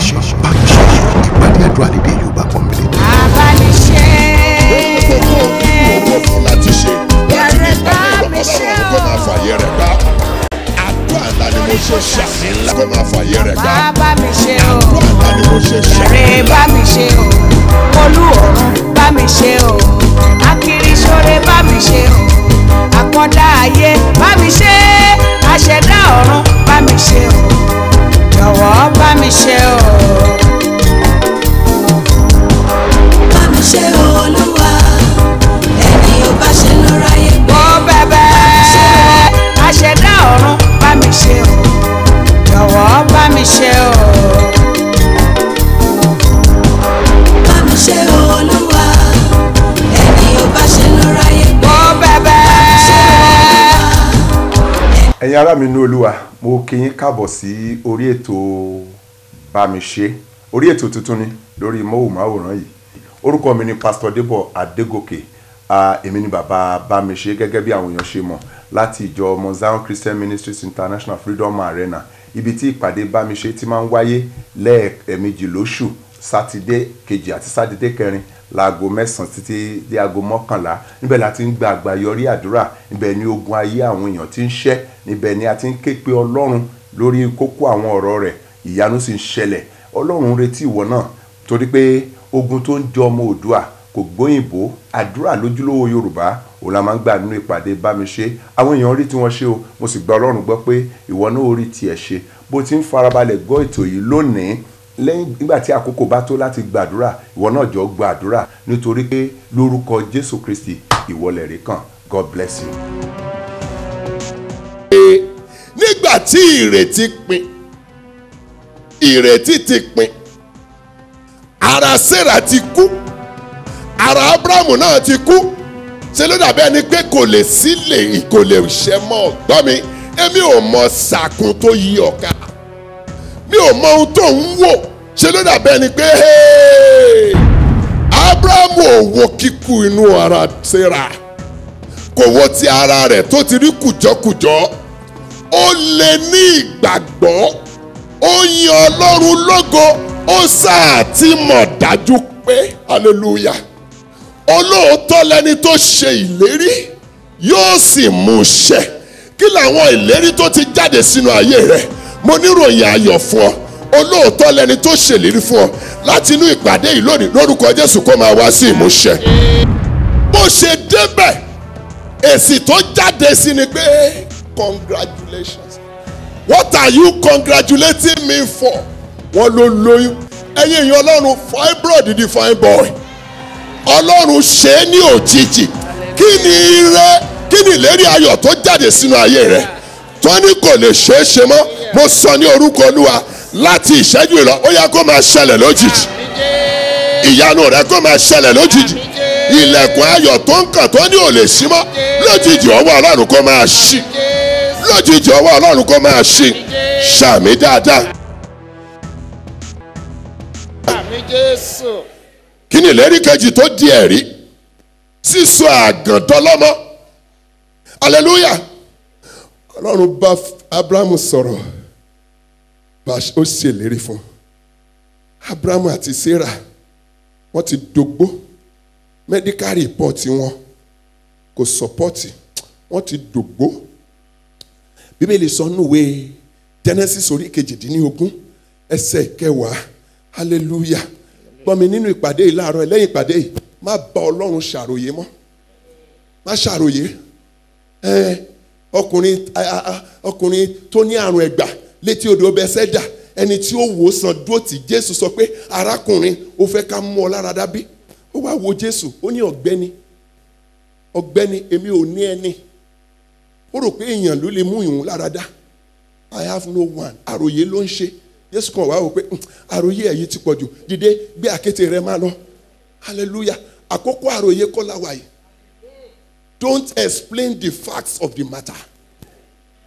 ṣẹ̀ṣẹ̀ bá mi ṣe yẹ ìpàdé àdúrà lédè Yorùbá pọ̀nbélé. àbániṣe owó fún láti ṣe láti ní ìpàdé ìgbàlá kó máa fàyè rẹ̀ gbá àdúrà ńlá ni mo ṣe ṣàmì ńlá kó máa fàyè rẹ̀ gbá àdúrà ńlá ni mo ṣe ṣàmì ńlá. bá mi ṣe o olú ọ̀run bá mi ṣe o akiriṣore bá mi ṣe o àkọ́dá ayé bá mi ṣe àṣẹdá ọ̀run bá mi ṣe o jọ̀wọ́ bá mi ṣe o. bá mi ṣe o olúwa ẹni ò bá ṣe ló ráyè gbé. mo bẹ̀bẹ̀ àṣẹdá ọ̀run bá mi ṣe o jọ̀wọ́ bá mi ṣe o. ẹ̀yin ará mi nú olúwa mo kí yín káàbọ̀ sí orí ètò bá mi ṣe orí ètò tuntun ni lórí móhùnmáwòrán yìí orúkọ mi ni pásítọ̀ Débọ̀ Adégòkè èmi ni bàbá bá gẹ́gẹ́ bí àwọn èèyàn ṣe mọ̀ láti ìjọ Mount Christian Ministries International Freedom Arena ibi tí ìpàdé bá mi ṣe ti máa ń wáyé lẹ́ẹ̀mejì lóṣù sátidé kejì àti sátidé kẹrin láago mẹ́sàn-án títí dé aago mọ́kànlá níbẹ̀ la ti ń gba àgbáyọrí àdúrà níbẹ̀ ni ogun ayé àwọn èèyàn ti ń ṣẹ́ níbẹ̀ ni a ti ń ké pe ọlọ́run lórí kókó àwọn ọ̀rọ̀ rẹ̀ ìyanu sì ń ṣẹlẹ̀ ọlọ́run retí ìwọ náà torí pé ogun tó ń jẹ ọmọ òdua kò gbóyìnbó àdúrà lójúlówó yorùbá òun la máa ń gbà nínú ìpàdé bá ṣe àwọn èèyàn rí tiwọn ṣe o mo sì gba ọlọ́run gbọ́ pé ìwọ náà ó rí tiẹ̀ ṣe bó ti ń farabalẹ̀ gbọ́ ètò yìí lónìí lẹ́yìn nígbà tí àkókò bá tó láti gbàdúrà ìwọ náà jọ gbàdúrà nítorí pé lórúkọ Jésù Kristi ìwọlẹ̀ rí kàn God bless you. nígbà tí ìrètí pin ìrètí ti pin ara Sarah ti kú ara Abrahamu náà ti kú ṣe ló dàbí ẹni pé kò lè sílè kò lè mọ́ gbọ́ mi èmi ò mọ sàkún yí ọ̀ka mi ò mọ ohun tó ń wò ṣe ló dàbẹ́ ni pé abrahamu ò wo kíkú inú ara Sárà kò wo ti ara rẹ̀ tó ti rí kùjọ́kùjọ́ ó lè ní ìgbàgbọ́ ó yin ọlọ́run lógo ó sáà ti mọ̀ dájú pé hallelujah olóòótọ́ lẹni tó ṣe ìlérí yóò sì mú ṣẹ kí làwọn ìlérí tó ti jáde sínú ayé rẹ̀ mo níròyìn ayọ̀ fún ọ olóòótọ́ lẹni tó ṣèlérí fún ọ láti inú ìpàdé yìí lónìí lórúkọ jésù kó máa wá sí ìmúṣẹ. bó ṣe débẹ̀ èsì tó jáde sí ni pé congratulations what are you congratulating me for wọ́n ló lóyún ẹ̀yin èèyàn ọlọ́run fibroid di fine boy ọlọ́run ṣe é ní òjijì kí ni ire kí ni ìlérí ayọ̀ tó jáde sínú ayé rẹ̀ tó ní kò lè ṣeé ṣe mọ́ mo sọ ní orúkọ olúwa láti ìṣẹ́jú ìlọ ó yá kó máa ṣẹlẹ̀ lójijì ìyanu rẹ kó máa ṣẹlẹ̀ lójijì ilẹ̀kùn ayọ̀ tó ń kàn tó ní ò lè ṣí mọ́ lójijì ọwọ́ ọlọ́run kó máa ṣí lójijì ọwọ́ ọlọ́run kó máa ṣí ṣàmì dáadáa. kí ni ìlérí kejì tó di ẹ̀rí sísọ àgàndọ́lọ́mọ aleluya ọlọ́run bá abrahamu sọ̀rọ̀ ó ṣèlérí fún abrahamu àti sarah wọ́n ti dogbo medical report wọn kò sọpọ́tì wọ́n ti dogbo bíbélì sọ núwe genesis orí kejìdínlógún ẹsẹ̀ kẹwàá hallelujah gbọ́mi nínú ìpàdé yìí láàárọ̀ lẹ́yìn ìpàdé yìí má bá ọlọ́run ṣàròyé mọ́ má ṣàròyé ọkùnrin ọkùnrin tó ní àrùn ẹ̀gbà létí odò bẹ́sẹ́dà ẹni tí ó wò sàn dúró tí jésù sọ pé arákùnrin ó fẹ́ ká mú ọ lára dá bí ó wá wo jésù ó ní ọ̀gbẹ́ni ọ̀gbẹ́ni èmi ò ní ẹni ó rò pé èèyàn ló lè mú ìhun lára i have no one àròyé ló ń ṣe jésù kan wá wò pé àròyé èyí ti pọ̀ jù dìde gbé àkéte rẹ máa lọ hallelujah àkókò àròyé kọ́ la wà don't explain the facts of the matter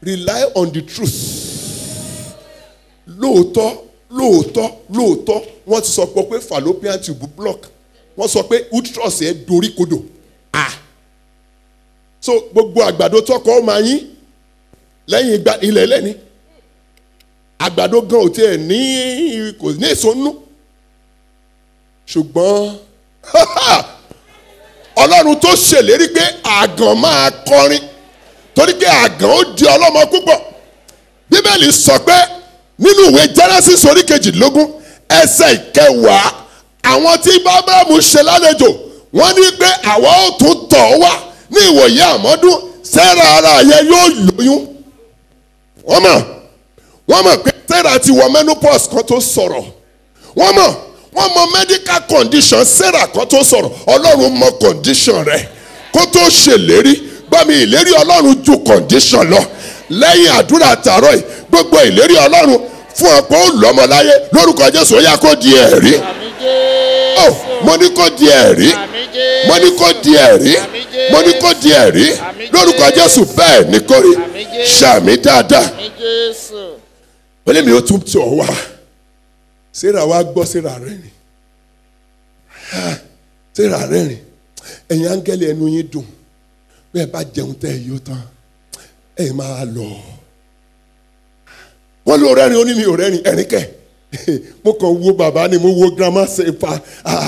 rely on the truth lóòótọ́ lóòótọ́ lóòótọ́ wọ́n ti sọ pé pé fallopian tube block wọ́n sọ pé utrus ẹ̀ dorí kodò ah so gbogbo àgbàdo tọkọ ọmọ yín lẹ́yìn ilẹ̀ lẹ́ni àgbàdo gan ò tiẹ̀ ní kò ní èso nú ṣùgbọ́n ọlọ́run tó ṣèlérí pé àgàn máa kọrin torí pé àgàn ó di ọlọ́mọ púpọ̀ bíbélì sọ pé nínú ìwé Genesis orí kejìlélógún ẹsẹ̀ ìkẹwàá àwọn tí bábàmù ṣe lálejò wọ́n ní pé àwa ó tún tọ̀ ọ́ wá ní ìwòye àmọ́dún sẹ́ra ara yẹ yóò lóyún wọ́n mọ̀ wọ́n mọ̀ pé sẹ́ra ti wọ menopause kan tó sọ̀rọ̀ wọ́n mọ̀ wọ́n mọ̀ medical condition sẹ́ra kan tó sọ̀rọ̀ ọlọ́run mọ̀ condition rẹ̀ kó tó ṣèlérí bá mi ìlérí ọlọ́run ju condition lọ lẹ́yìn àdúrà tààrọ̀ yìí gbogbo ìlérí ọlọ́run fún ọ pé ó lọ́mọ láyé lórúkọ jésù ó yá kó di ẹ̀rí oh, mo ní kó di ẹ̀rí mo ní kó di ẹ̀rí mo ní kó di ẹ̀rí lórúkọ jésù bẹ́ẹ̀ ni kó rí dáadáa ó mi ó tún tọ̀ wá síra wa gbọ́ síra rẹ̀ ni síra rẹ̀ ni ẹ̀yin áńgẹ́lì ẹnu yín dùn bẹ́ẹ̀ bá jẹun tẹ́ ẹ yóò tán ẹ máa lọ wọ́n lọ rẹ́rìn ó ní mi ò rẹ́rìn mo kàn wo bàbá ni mo wo grandma sefa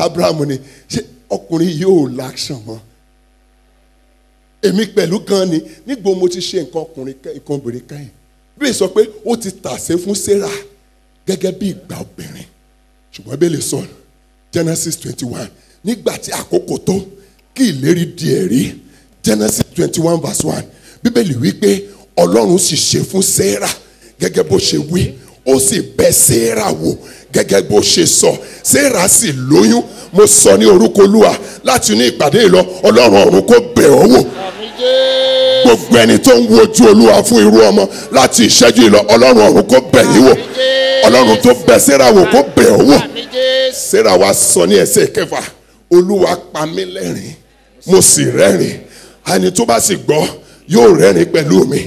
Abraham ni ṣé ọkùnrin yóò láṣàn mọ́ èmi pẹ̀lú gan ni nígbà mo ti ṣe nǹkan ọkùnrin nǹkan obìnrin kẹ́yìn bí sọ pé ó ti tàsé fún Sarah gẹ́gẹ́ bí ìgbà obìnrin ṣùgbọ́n Bíbélì sọ Genesis twenty one nígbà tí àkókò tó kí ìlérí di ẹ̀rí Genesis twenty one verse one bíbélì wípé ọlọ́run sì ṣe fún sarah gẹ́gẹ́ bó ṣe wí ó sì bẹ sarah wò gẹ́gẹ́ bó ṣe sọ sarah sì lóyún mo sọ ní orúkọ olúwa láti inú ìpàdé ìlọ ọlọ́run ọ̀run kó bẹ̀ ọ́ wò gbogbo ẹni tó ń wojú olúwa fún irú ọmọ láti ìṣẹ́jú ìlọ ọlọ́run ọ̀run kó bẹ̀ yín wò ọlọ́run tó bẹ sarah wò kó bẹ̀ ọ́ wò sarah wa sọ ní ẹsẹ̀ kẹfà olúwa pa mí lẹ́rìn mo sì rẹ́rìn ẹni tó bá sì gbọ́ yóò rẹ́rìn pẹ̀lú mi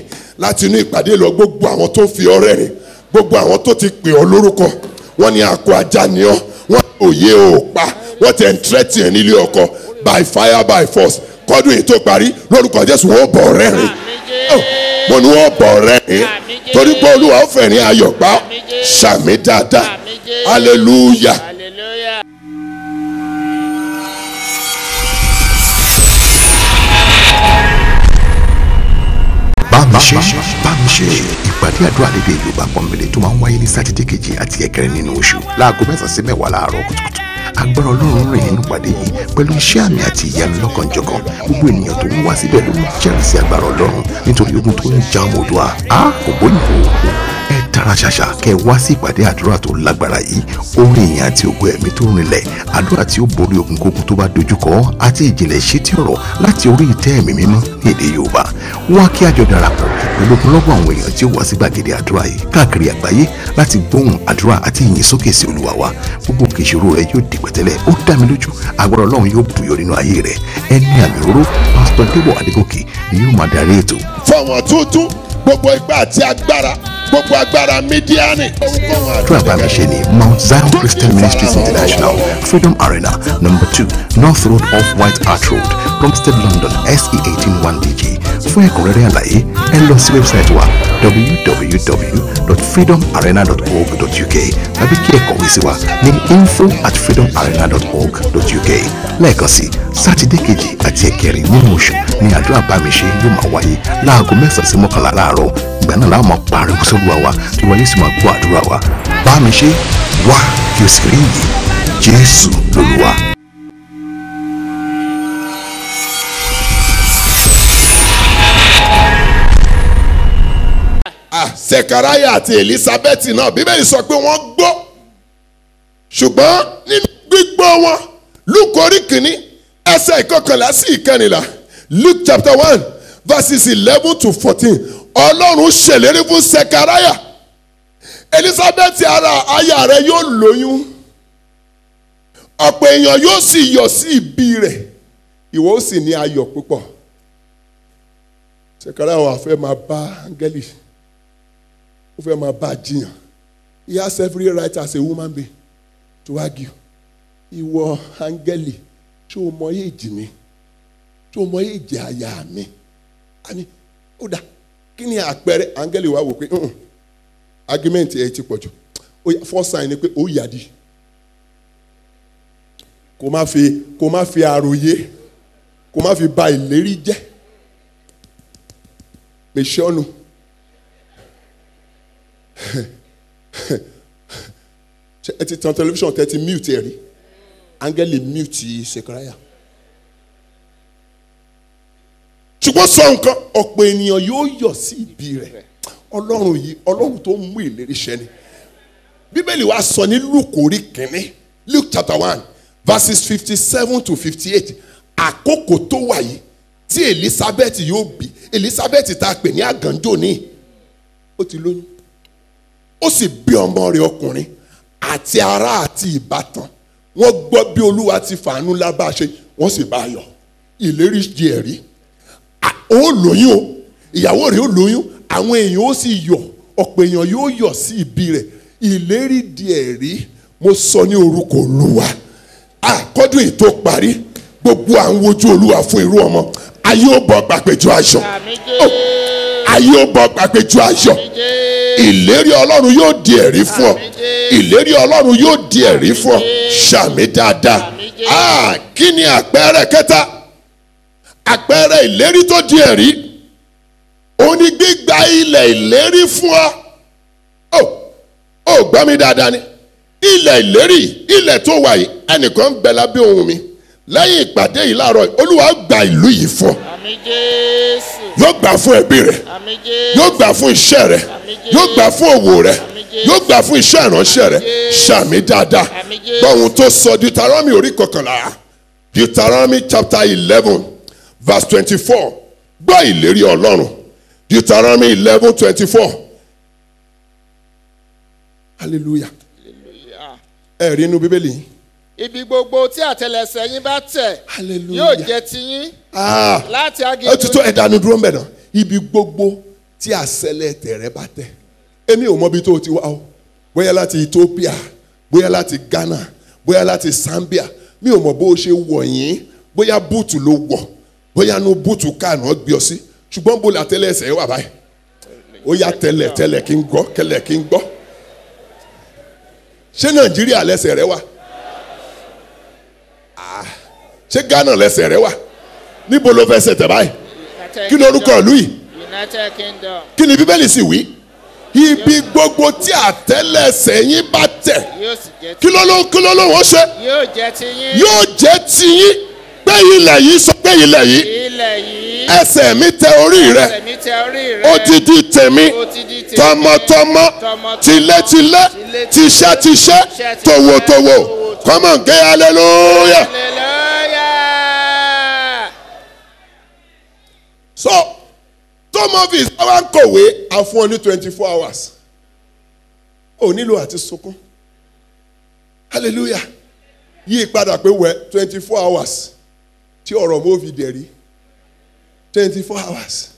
láti inú ìpàdé lọ gbogbo àwọn tó fi ọ rẹ́rìn gbogbo àwọn tó ti pè ọ lórúkọ wọ́n ní akọ ajá ni ọ wọ́n ní òye ò pa wọ́n ti ẹ̀ńtírẹ́tì ẹ̀ nílé ọkọ by fire by force kọ́dún yìí tó parí lórúkọ jésù wọ́n bọ̀ rẹ́rìn oh, mo ní wọ́n bọ̀ rẹ́rìn torí pé olúwa ó fẹ̀rín ayọ̀ pa ṣàmì dáadáa hallelujah. ṣe bá mi ṣe ìpàdé àdúrà lédè yorùbá pọnbélé tó máa ń wáyé ní sátidé kejì àti ẹ̀kẹrin nínú oṣù láago mẹ́sàn-án sí mẹ́wàá láàárọ̀ kùtùkùtù agbára ọlọ́run rìn nínú pàdé yìí pẹ̀lú iṣẹ́ àmì àti ìyanu lọ́kànjọ̀kan gbogbo ènìyàn tó ń wá síbẹ̀ ló ń jẹ́rìí sí agbára ọlọ́run nítorí ogun tó ń ja ọmọ òdua kò bóyìnbó ẹ tara ṣàṣà kẹ́ ẹ wá sí ìpàdé àdúrà tó lágbára yìí orin ìyìn àti ògo ẹ̀mí tó rinlẹ̀ àdúrà tí ó borí ogunkógun tó bá dojúkọ àti ìjìnlẹ̀ ṣètì ọ̀rọ̀ láti orí ìtẹ́ ẹ̀mí mímọ́ ní èdè Yorùbá wá kí àjọ darapọ̀ pẹ̀lú ọ̀pọ̀lọpọ̀ àwọn èèyàn tí ó wá sí gbàgede àdúrà yìí káàkiri àgbáyé láti gbóhùn àdúrà àti ìyìn sókè sí Olúwa wa gbogbo kìsìrò rẹ yóò di pẹ̀tẹ́lẹ̀ ó dá mi lójú agbára Ọlọ́run yóò bùyọ nínú ayé rẹ ẹni àmì òróró pásítọ̀ Débọ̀ Adégòkè ni yóò máa darí ètò. fọwọn tuntun gbogbo ipá àti agbára gbogbo agbára mídíánì. àdúrà bá ṣe ni Mount Zion Christian Ministries International Freedom Arena number two North Road off White Hart Road Plumstead London SE eighteen one DG fún ẹ̀kúnrẹ́rẹ́ àlàyé ẹ lọ sí wẹ́bsáìtì wa www.freedomarena.org.uk tàbí kí ẹ kọ̀wé sí wa ní info at freedomarena.org.uk lẹ́ẹ̀kan sí i sátidé kejì àti ẹ̀kẹrin nínú oṣù ni àdúrà bá mi ṣe yóò máa wáyé láago mẹ́sàn-án sí mọ́kànlá láàárọ̀ ìgbà náà láwọn máa pariwo sóluwa wa tí wọ́n yóò sì máa gbọ́ àdúrà wa bá mi ṣe wá kí o sì rí iyì Jésù lolúwa. Sekaraya àti Elizabeth náà Bíbélì sọ pé wọ́n gbọ́ ṣùgbọ́n nínú gbígbọ́ wọn Lúùkù orí ẹsẹ̀ ìkọkànlá sí ìkẹrìnlá Luke chapter one verses eleven to fourteen ọlọ́run ṣèlérí fún Sẹkaráyà Elizabeth ara aya rẹ̀ yóò lóyún ọ̀pọ̀ èèyàn yóò sì yọ̀ sí ibi rẹ̀ ìwọ ó sì ní ayọ̀ púpọ̀ Sẹkaráyà wá fẹ́ máa bá áńgẹ́lì ó fẹ́ máa bá jiyàn he has every right as a woman be to argue ìwọ angeli ṣé o mọ èjì mi ṣé o mọ èjì àyà mi àní ó dà kí ni àpẹẹrẹ áńgẹ́lì wa wò pé argument ẹ ti pọ̀ jù first sign ni pé ó yàdí kó má fi kó má fi àròyé kó má fi ba ìlérí jẹ́ mesiọnu ẹ ti tan tẹlifíṣàn tẹ ti mute ẹ rí áńgẹ́lì mute Ṣèkáyà ṣùgbọ́n sọ nǹkan ọ̀pọ̀ ènìyàn yóò yọ̀ sí ibi rẹ̀ ọlọ́run yìí ọlọ́run tó mú ìlérí ṣẹ bíbélì wa sọ ní luke orí kìíní luke chapter one verses fifty seven to fifty eight àkókò tó wà yìí tí elizabeth yóò bí elizabeth tá a pè ní àgànjò ní ó ti lóyún ó sì bí ọmọ rẹ̀ ọkùnrin àti ará àti ìbátan wọ́n gbọ́ bí olúwa ti fàánú ńlá bá a ṣe wọ́n sì bá a yọ̀ ìlérí di ẹ̀rí ó lóyún o ìyàwó rẹ̀ ó lóyún àwọn èèyàn ó sì yọ̀ ọ̀pọ̀ èèyàn yóò yọ̀ sí ibi rẹ̀ ìlérí di ẹ̀rí mo sọ ní orúkọ olúwa àkọ́dún ètò parí gbogbo à ń wojú olúwa fún irú ọmọ ayé ó bọ̀ gbàgbéjọ ayọ̀ ayé ó bọ̀ gbàgbéjọ ayọ̀ ìlérí ọlọ́run yóò di ẹ̀rí fún ọ ìlérí ọlọ́run yóò di ẹ̀rí fún ọ ṣàmì dáadáa ah kí ni àpẹẹrẹ kẹta àpẹẹrẹ ìlérí tó di ẹ̀rí òun ni gbígba ilẹ̀ ìlérí fún ọ ó ó gbọ́ mi dáadáa ni ilẹ̀ ìlérí ilẹ̀ tó wà yìí ẹnìkan ń bẹ lábẹ́ ohùn mi lẹ́yìn ìpàdé yìí láàárọ̀ olúwa gba ìlú yìí fún ọ àmín jésù. yóò gbà fún ẹbí rẹ àmín jésù. yóò gbà fún iṣẹ́ rẹ àmín jésù. yóò gbà fún òwò rẹ àmín jésù. yóò gbà fún iṣẹ́ ìránṣẹ́ rẹ ṣàmì dáadáa àmín tó sọ deuteronomy orí kọkànlá deuteronomy chapter eleven verse twenty-four gbọ́ ìlérí ọlọ́run deuteronomy eleven twenty-four hallelujah ẹ̀rí inú bíbélì ibi gbogbo tí àtẹlẹsẹ yín bá tẹ̀ yóò jẹ́ tiyín Ah, láti agídó ètùtù ẹ̀dánù dúró mbẹ̀ náà ibi gbogbo tí àṣẹlẹ̀ tẹ̀rẹ̀ bá tẹ̀ èmi ò mọbi tó ti wá o bóyá láti Ethiopia bóyá láti Ghana bóyá láti Zambia mi ò mọ̀ bó o ṣe wọ̀ yín bóyá búùtù ló wọ̀ bóyá nu búùtù káànà gbé ọ sí ṣùgbọ́n bó la tẹ́lẹ̀ ẹsẹ̀ wà báyìí ó yá tẹ́lẹ̀ tẹ́lẹ̀ kí n gbọ́ tẹ́lẹ̀ kí n gbọ́ ṣé Nàìjíríà lẹ́sẹ̀ rẹ wà ah, ṣé Ghana lẹ́sẹ̀ rẹ wà níbo ló fẹsẹ̀ tẹ̀ báyìí kí ni orúkọ ìlú yìí kí ni bíbélì sì wí ibi gbogbo tí àtẹ́lẹsẹ̀ yín bá tẹ̀ kí ló ló kí ló ló wọ́n ṣe yóò jẹ́ ti yín gbé ilẹ̀ yìí sọ gbé ilẹ̀ yìí ẹsẹ̀ mi tẹ orí rẹ odidi tèmi tọmọtọmọ tilétilé tiṣẹ́tiṣẹ́ tòwòtòwò come on gé hallelujah. so tó mọ fi ìsáwá ń kọ̀wé á fún ọ ní twenty four hours ò nílò àti sunkún hallelujah yí padà pé wẹ twenty four hours tí ọ̀rọ̀ mo fi dẹ̀rí twenty four hours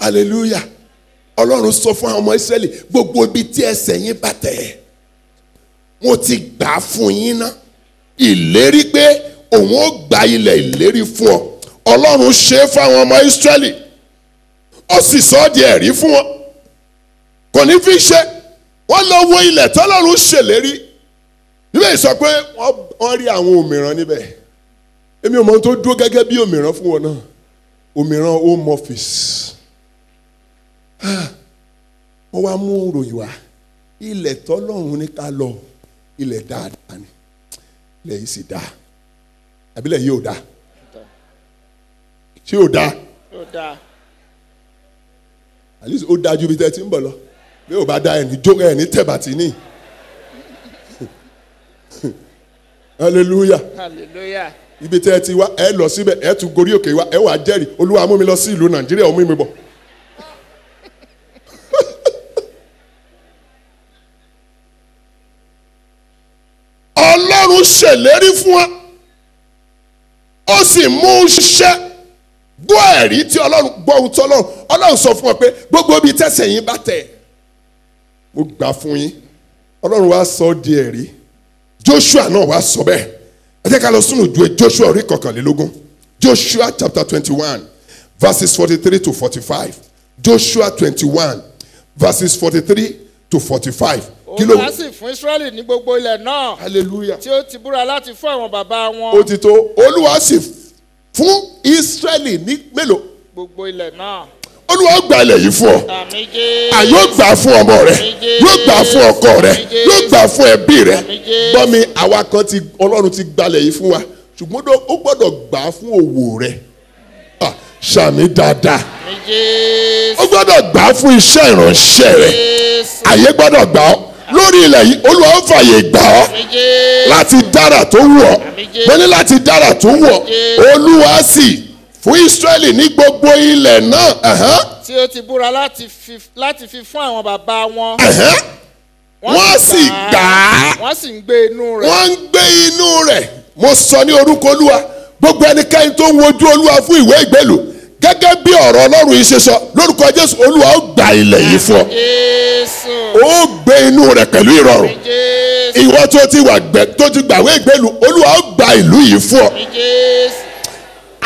hallelujah ọlọ́run sọ fún àwọn ọmọ ìsírẹ́lì gbogbo ibi tí ẹsẹ̀ yín bá tẹ̀ ẹ́ ti gbà fún yín ná ìlérí pé òun ó gba ilẹ̀ ìlérí fún ọ ọlọ́run ṣe é fáwọn ọmọ Ísírẹ́lì ó sì sọ ọ́ di ẹ̀rí fún wọn kò ní fi ṣe wọ́n lọ wo ilẹ̀ tọ́lọ́run ṣèlérí níbẹ̀ sọ pé wọ́n rí àwọn òmìrán níbẹ̀ èmi ò mọ ohun tó dúró gẹ́gẹ́ bí òmìrán fún wọn náà òmìrán home office ah, wọ́n wá mú ròyìn wá ilẹ̀ tọ́lọ́run ní ká lọ ilẹ̀ dáadáa ni ilẹ̀ yìí sì dáa àbílẹ̀ yìí ò dáa. ṣé ò dáa. ò dáa. at least ó dájú bí tẹ́tí ń bọ̀ lọ bí ò bá dá ẹni jó ẹni tẹ̀bàtì ní. hallelujah. hallelujah. ibi tẹ́ ẹ ti wá ẹ lọ síbẹ̀ ẹ tún gorí òkè wa, ẹ wàá jẹ́rìí olúwa mú mi lọ sí ìlú nàìjíríà ó mú mi bọ̀. ọlọ́run ṣèlérí fún wa ó sì mú un ṣiṣẹ́. gbọ́ ẹ̀rí tí ọlọ́run gbọ́ ohun tí ọlọ́run ọlọ́run sọ fún ọ pé gbogbo ibi tẹ́sẹ̀ yín bá tẹ̀ mo gbà fún yín ọlọ́run wá sọ di ẹ̀rí Joshua náà wá sọ bẹ́ẹ̀ ẹ jẹ́ ká lọ sínú ìdúró Joshua orí kọkànlélógún Joshua chapter twenty one verses forty three to forty five Joshua twenty one verses forty three to forty five kí ló. òun á sì fún israẹli ní gbogbo ilẹ̀ náà. hallelujah. tí ó ti búra láti fún àwọn bàbá wọn. ó ti tó olúwa sì fún fún Ísírẹ́lì ní mélòó. gbogbo ilẹ̀ náà. Olúwa gba ilẹ̀ yìí fún ọ yóò gbà fún ọmọ rẹ yóò gbà fún ọkọ rẹ yóò gbà fún ẹbí rẹ gbọ́mi àwa kan ti Ọlọ́run ti gbalẹ̀ yìí fún wa ṣùgbọ́n ó gbọ́dọ̀ gbà fún òwò rẹ ṣàmì dáadáa ó gbọ́dọ̀ gbà fún iṣẹ́ ìránṣẹ́ rẹ àyè gbọ́dọ̀ gbà ọ́. lórí ilẹ̀ yìí olúwa ó fàyè gbà ọ́ láti dára tó wù ọ́ gbẹ́ni láti dára tó wù ọ́ olúwa sì fún Ísírẹ́lì ní gbogbo ilẹ̀ náà. tí ó ti búra láti fi fún àwọn bàbá wọn wọ́n sì gbà á wọ́n sì ń gbé inú rẹ̀ wọ́n ń gbé inú rẹ̀ mo sọ ní orúkọ olúwa gbogbo ẹnikẹ́ni tó ń wojú olúwa fún ìwé ìgbélùú gẹ́gẹ́ bí ọ̀rọ̀ ọlọ́run yìí ṣe sọ lórúkọ jésù olúwa ó gba ilẹ̀ yìí fún ọ ó gbé inú rẹ̀ pẹ̀lú ìrọ̀rùn ìwọ tó ti wà gbẹ tó ti gbàwé ìgbélu olúwa ó gba ìlú yìí fún ọ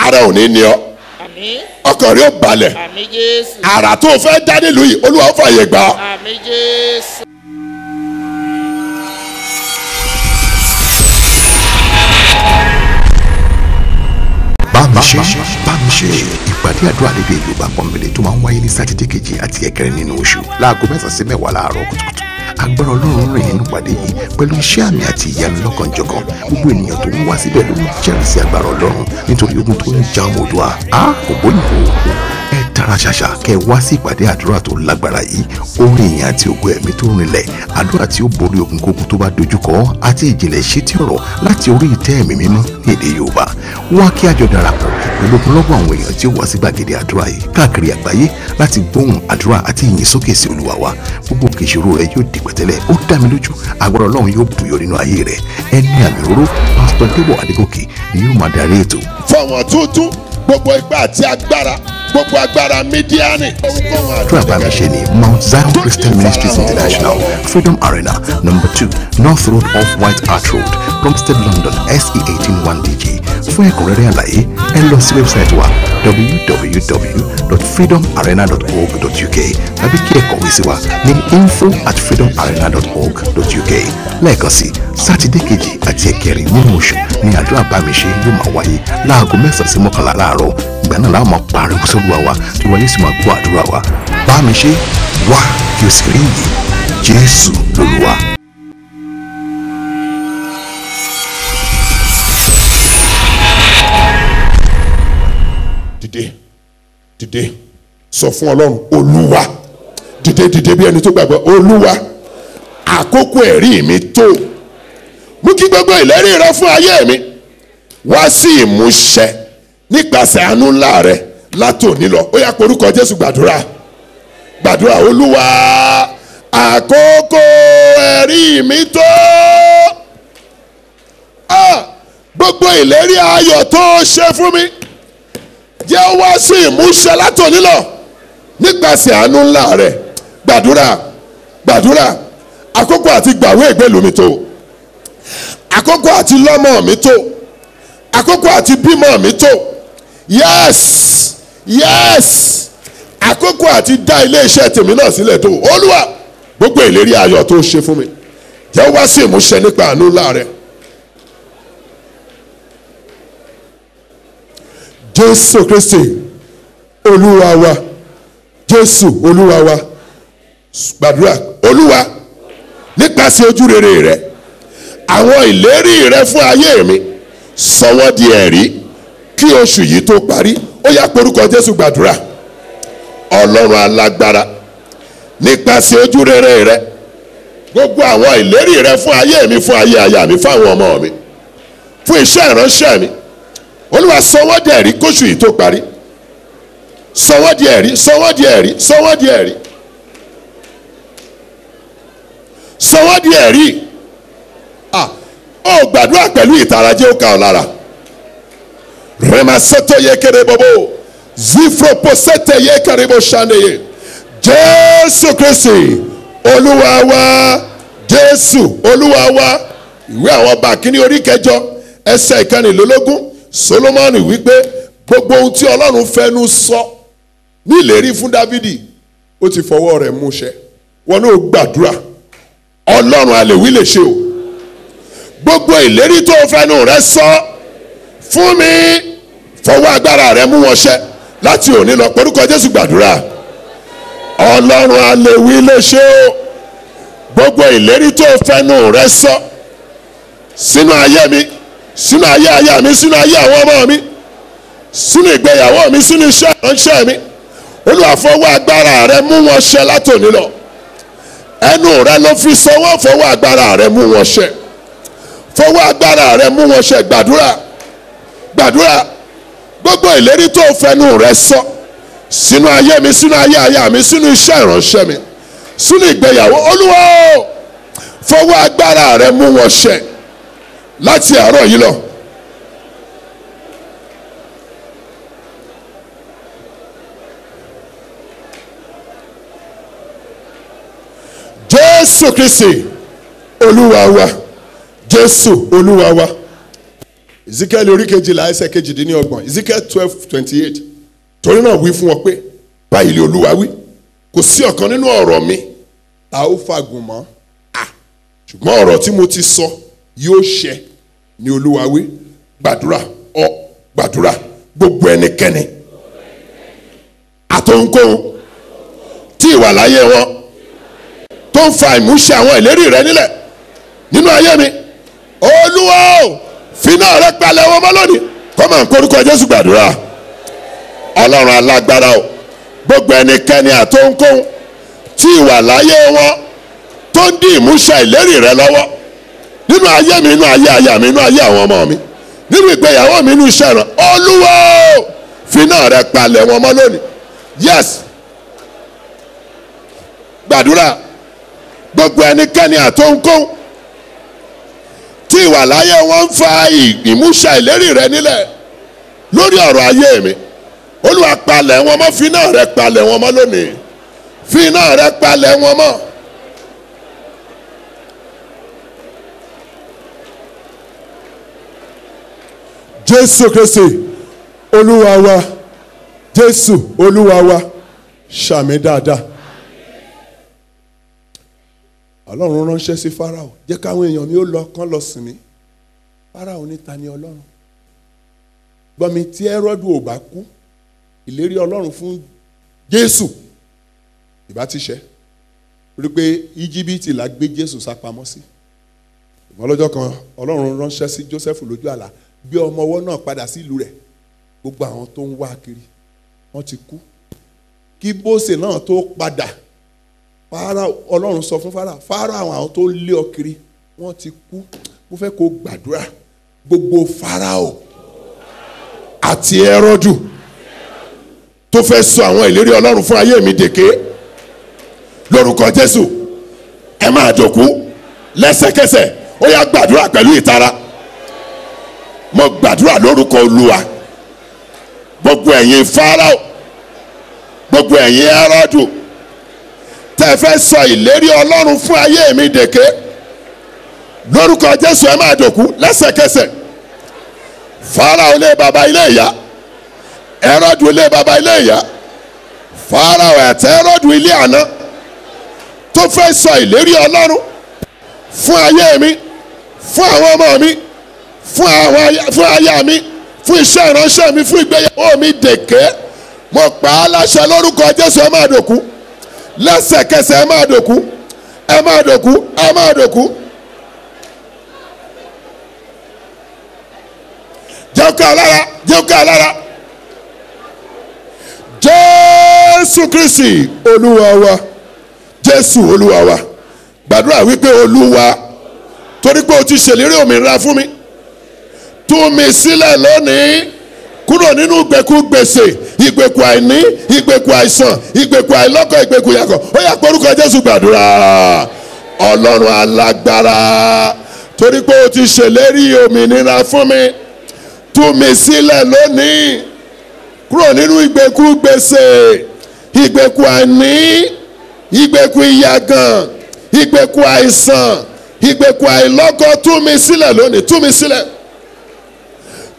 ara ò ní ní ọ ọkàn rẹ ó balẹ̀ ara tó fẹ́ dá nílùú yìí olúwa ó fààyè gbà ọ. bá mi ṣe ìpàdé àdúrà níbi ìlú bàpọ̀nbẹ̀lẹ̀ tó máa ń wáyé ní sátidé kejì àti ẹ̀kẹrin nínú oṣù láago mẹ́sàn-án sí mẹ́wàá láàárọ̀ kùtùkùtù agbára ọlọ́run rìn nínú pàdé yìí pẹ̀lú iṣẹ́ àmì àti ìyanu lọ́kànjọ̀kan gbogbo ènìyàn tó ń wá síbẹ̀ ló ń jẹ́rìí sí agbára ọlọ́run nítorí ogun tó ń ja ọmọ òdua a kò gbóyìnbó ẹ tara ṣàṣà kẹ́ ẹ wá sí ìpàdé àdúrà tó lágbára yìí orin ìyìn àti ògo ẹ̀mí tó rinlẹ̀ àdúrà tí ó borí ogunkógun tó bá dojúkọ àti ìjìnlẹ̀ ṣétí ọ̀rọ̀ láti orí ìtẹ́ ẹ̀mí mímọ́ ní èdè Yorùbá wá kí àjọ darapọ̀ pẹ̀lú ọ̀pọ̀lọpọ̀ àwọn èèyàn tí ó wá sí gbàgede àdúrà yìí káàkiri àgbáyé láti gbóhùn àdúrà àti ìyìn sókè sí Olúwa wa gbogbo kìsìrò rẹ yóò di pẹ̀tẹ́lẹ̀ ó dá mi lójú agbára Ọlọ́run yóò bùyọ nínú ayé rẹ ẹni àmì òróró pásítọ̀ Débọ̀ Adégòkè ni yóò máa darí ètò. fọwọ́n tuntun gbogbo ipá àti agbára gbogbo agbára mídíánì. ṣe ni mount zion christian ministries international freedom arena number two north road off white hart road plumstead london se eighteen one dg. fún ẹ̀kúnrẹ́rẹ́ àlàyé ẹ lọ sí wẹ́bsáìtì wa www.freedomarena.org.uk tàbí kí ẹ kọ̀wé sí wa ní info at freedomarena.org.uk lẹ́ẹ̀kan sí sátidé kejì àti ẹ̀kẹrin nínú oṣù ní àdúrà bámiṣe yóò máa wáyé láago mẹ́sàn-án sí mọ́kànlá láàárọ̀ ìgbà náà láwọn máa pariwo sóluwa wa tí wọ́n yóò sì máa gbọ́ àdúrà wa bámiṣe wá kí o sì rí yìí Jésù lolúwa. dìde dìde sọ fún ọlọ́run olúwa dìde dìde bí ẹni tó gbàgbọ́ olúwa àkókò ẹ̀rí mi tó mú kí gbogbo ìlérí rẹ fún ayé mi wá sí ìmúṣẹ nípasẹ̀ àánú ńlá rẹ látòní lọ ó yá korúkọ jésù gbàdúrà gbàdúrà olúwa àkókò ẹ̀rí mi tó ah, gbogbo ìlérí ayọ̀ tó ṣe fún mi jẹ́ ó wá sí ìmúṣẹ látòní lọ nípasẹ̀ àánú ńlá rẹ̀ gbàdúrà gbàdúrà àkókò àti gbàwé ìgbélú mi tó àkókò àti lọ́mọ mi tó àkókò àti bímọ mi tó yes yes àkókò àti dá iléeṣẹ́ tèmi náà sílẹ̀ tó olúwa gbogbo ìlérí ayọ̀ tó ṣe fún mi jẹ́ wá sí ìmúṣẹ nípa àánú ńlá rẹ̀ jésù kristi olúwa wa jésù olúwa wa gbàdúrà olúwa nípasẹ̀ ojú rere rẹ àwọn ìlérí rẹ fún ayé mi sọ wọ́n di ẹ̀rí kí oṣù yìí tó parí ó yá porúkọ jésù gbàdúrà ọlọ́run alágbára nípasẹ̀ ojú rere rẹ gbogbo àwọn ìlérí rẹ fún ayé mi fún ayé aya mi fún àwọn ọmọ mi fún iṣẹ́ ìránṣẹ́ mi olúwa sọwọ́ di ẹ̀rí kóṣù yìí tó parí sọwọ́ di ẹ̀rí sọwọ́ di ẹ̀rí sọwọ́ di ẹ̀rí sọwọ́ di ẹ̀rí ah ó gbàdúrà pẹ̀lú ìtarajẹ́ ó kà ọ́ lára remaseto yekere bobo zifroposete yekere bo saneye jésù kristi olúwa wa jésù olúwa wa ìwé àwọn bàkínní orí kẹjọ ẹsẹ̀ ìkànnì lólógún Solomoni wípé gbogbo ohun tí Ọlọ́run fẹnu sọ ní ìlérí fún Dávidi ó ti fọwọ́ rẹ̀ múṣẹ wọn náà gbàdúrà Ọlọ́run àlèwí lè ṣe o gbogbo ìlérí tó fẹnu rẹ̀ sọ fún mi fọwọ́ agbára rẹ̀ mú wọn ṣẹ láti òní lọ porúkọ Jésù gbàdúrà Ọlọ́run àlèwí lè ṣe o gbogbo ìlérí tó fẹnu rẹ̀ sọ sínú ayé mi sínú ayé aya mi sínú ayé àwọn ọmọ mi sínú ìgbéyàwó mi sínú iṣẹ́ ìránṣẹ́ mi olúwa fọwọ́ agbára rẹ mú wọn ṣẹ látòní lọ ẹnu rẹ ló fi sanwó fọwọ́ agbára rẹ mú wọn ṣẹ fọwọ́ agbára rẹ mú wọn ṣẹ gbàdúrà gbàdúrà gbogbo ìlérí tó fẹnu rẹ sọ sínú ayé mi sínú ayé aya mi sínú iṣẹ́ ìránṣẹ́ mi sínú ìgbéyàwó olúwa fọwọ́ agbára rẹ mú wọn ṣẹ láti àárọ̀ yìí lọ. jésù kristi olúwa wa jésù olúwa wa ezekiel orí kejìlá ẹsẹ̀ kejìdínlọ́gbọ̀n ezekiel twelve twenty eight torí náà wí fún wọn pé báyìí lè olúwa wí kò sí ọ̀kan nínú ọ̀rọ̀ mi ta ó fagùn mọ́ ṣùgbọ́n ọ̀rọ̀ tí mo ti sọ yóò ṣẹ ni olúwa wí gbàdúrà ọ gbàdúrà gbogbo ẹnikẹ́ni àtòǹkóhun tí ìwà láyé wọn tó ń fa ìmúṣẹ àwọn ìlérí rẹ nílẹ̀ nínú ayé mi olúwa o finá rẹ palẹ̀ wọn mọ́ lónìí kọ́ máa ń korúkọ jésù gbàdúrà ọlọ́run alágbára o gbogbo ẹnikẹ́ni àtòǹkóhun tí ìwà láyé wọn tó ń dí ìmúṣẹ ìlérí rẹ lọ́wọ́ nínú ayé mi nínú ayé aya mi nínú ayé àwọn ọmọ mi nínú ìgbéyàwó mi nínú iṣẹ́ rẹ olúwa finá rẹ palẹ̀ wọn mọ́ lónìí yes gbàdúrà gbogbo ẹnikẹ́ni àtọ́nkọ́n tí ìwà láyé wọn ń fa ìmúṣẹ ìlérí rẹ nílẹ̀ lórí ọ̀rọ̀ ayé mi olúwa palẹ̀ wọn mọ́ finá rẹ palẹ̀ wọn mọ́ lónìí finá rẹ palẹ̀ wọn mọ́. jésù kristi olúwa wa jésù olúwa wa ṣàmì dáadáa ọlọ́run ránṣẹ́ sí farao jẹ́ káwọn èèyàn mi ó lọ kán lọ sìn mí farao ní ni ọlọ́run gbọ́mi tí ẹ́rọ́dù ò bá kú ìlérí ọlọ́run fún jésù ìbá ti ṣẹ rí pé íjíbítì la gbé jésù sápamọ́ sí ìmọ̀lọ́jọ́ kan ọlọ́run ránṣẹ́ sí joseph lójú àlá gbé ọmọ ọwọ́ náà padà sílùú rẹ̀ gbogbo àwọn tó ń wá kiri wọ́n ti kú kí Mósè náà tó padà Fáráò ọlọ́run sọ fún Fáráò Fáráò àwọn tó lé ọ kiri wọ́n ti kú mo fẹ́ kó gbàdúrà gbogbo Fáráò àti ẹrọ́jù tó fẹ́ sọ àwọn ìlérí ọlọ́run fún ayé mi dèké lórúkọ Jésù ẹ máa dòkú lẹ́sẹ̀kẹsẹ̀ ó yá gbàdúrà pẹ̀lú ìtara mo gbàdúrà lórúkọ olúwa gbogbo ẹ̀yin Fáráò gbogbo ẹ̀yin Hẹ́rọ́dù tẹ́ fẹ́ sọ ìlérí ọlọ́run fún ayé mi dèké lórúkọ Jésù ẹ máa dòkú lẹ́sẹ̀kẹsẹ̀ Fáráò ilé baba ilé ìyá Hẹ́rọ́dù ilé baba ilé ìyá Fáráò àti Hẹ́rọ́dù ilé àná tó fẹ́ sọ ìlérí ọlọ́run fún ayé mi fún àwọn ọmọ mi fún àwọn fún aya mi fún iṣẹ́ ìránṣẹ́ mi fún ìgbéyàwó mi dèké mo pa á láṣẹ lórúkọ Jésù ẹ máa dòkú lẹ́sẹ̀kẹsẹ̀ ẹ máa dòkú ẹ máa dòkú ẹ máa dòkú. jẹ́ ká lára jẹ́ ká lára jésù kristi olúwa wa jésù olúwa wa gbàdúrà wípé olúwa torí pé o ti ṣèlérí òmìnira fún mi tú mi sílẹ̀ lónìí kúrò nínú ìgbèkú gbèsè ìgbèkú àìní ìgbèkú àìsàn ìgbèkú àìlọ́kọ̀ ìgbèkú yàgọ̀ ó yá porúkọ Jésù gbàdúrà Ọlọ́run alágbára torí pé o ti ṣèlérí òmìnira fún mi tú mi sílẹ̀ lónìí kúrò nínú ìgbèkú gbèsè ìgbèkú àìní ìgbèkú ìyàgàn ìgbèkú àìsàn ìgbèkú àìlọ́kọ̀ tú sílẹ̀ lónìí tú mi sílẹ̀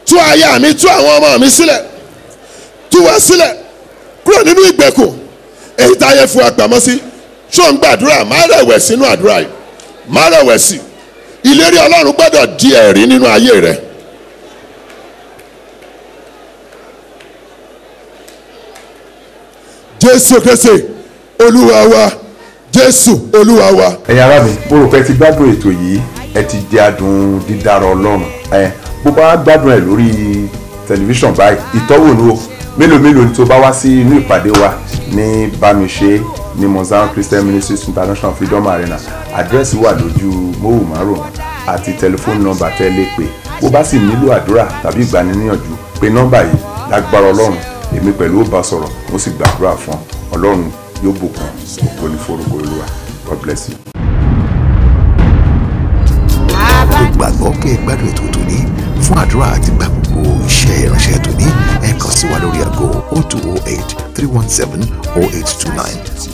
tú aya mi tú àwọn ọmọ mi sílẹ̀ tú wa sílẹ̀ kúrò nínú ìgbèkùn èyí tá a yẹ fún wa pamọ́ sí ṣó ń gbàdúrà má rẹ̀wẹ̀sì nínú àdúrà yìí má rẹ̀wẹ̀sì ìlérí ọlọ́run gbọ́dọ̀ di ẹ̀rí nínú ayé rẹ̀. jésù kristi olúwa wa jésù olúwa wa. ẹ̀yin ará mi mo rò pé ẹ ti gbádùn ètò yìí ẹ ti jẹ́ adùn dídára ọlọ́run bó bá gbádùn ẹ̀ lórí tẹlifíṣàn báyìí ìtọ́wò ni o mélòó mélòó ni tó bá wá sí inú ìpàdé wa ní bámiṣe ní mozambique christian ministries international freedom arena àdírẹ́sì wà lójú móhùnmáwòrán àti tẹlifóònù nọ́mbà tẹ́ lè pè bó bá sì nílò àdúrà tàbí ìgbaniníyànjú pé nọ́mbà yìí lágbára ọlọ́run èmi pẹ̀lú ó bá sọ̀rọ̀ mo sì gbàdúrà fún ọlọ́run yóò bùkún òkò ní forúkọ olúwa god bless you. gbàgbọ́ kí ẹ gbádùn ètò tòní fún àdúrà àti gba gbogbo iṣẹ́ ìránṣẹ́ tòní ẹ kàn sí wa lórí aago 0208 317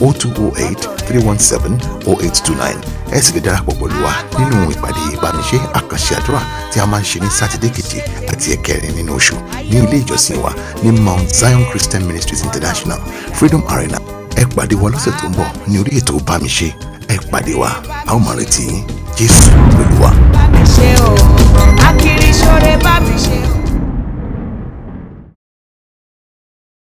0829 0208 317 0829 ẹ sì lè darapọ̀ pẹ̀lú wa nínú ìpàdé ìbánisẹ́ àkànṣe àdúrà tí a máa ń ṣe ní sátidé kejì àti ẹ̀kẹrin nínú oṣù ní ilé ìjọsìn wa ní Mount Zion Christian Ministries International Freedom Arena ẹ pàdé wa lọ́sẹ̀ tó ń bọ̀ ní orí ètò bámiṣe ẹ pàdé wa a ó máa retí yín Jésù Olúwa ṣe o akiri ṣoore bá mi ṣe o.